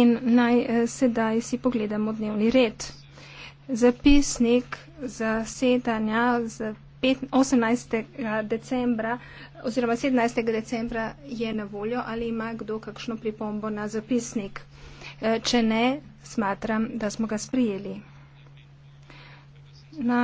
in naj eh, sedaj si pogledamo dnevni red. Zapisnik zasedanja z 18. decembra oziroma 17. decembra je na voljo ali ima kdo kakšno pripombo na zapisnik. Eh, če ne, smatram, da smo ga sprijeli. Naj